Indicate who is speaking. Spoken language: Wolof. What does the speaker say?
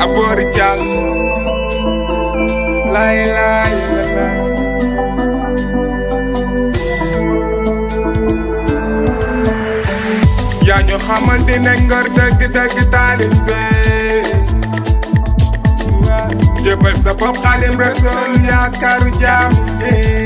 Speaker 1: a boori
Speaker 2: lai laay laay
Speaker 3: ñu xamal di ne ngor dëgg dëgg taalim be
Speaker 4: jëbal sa bopp xaalim rasul yaakaaru jaam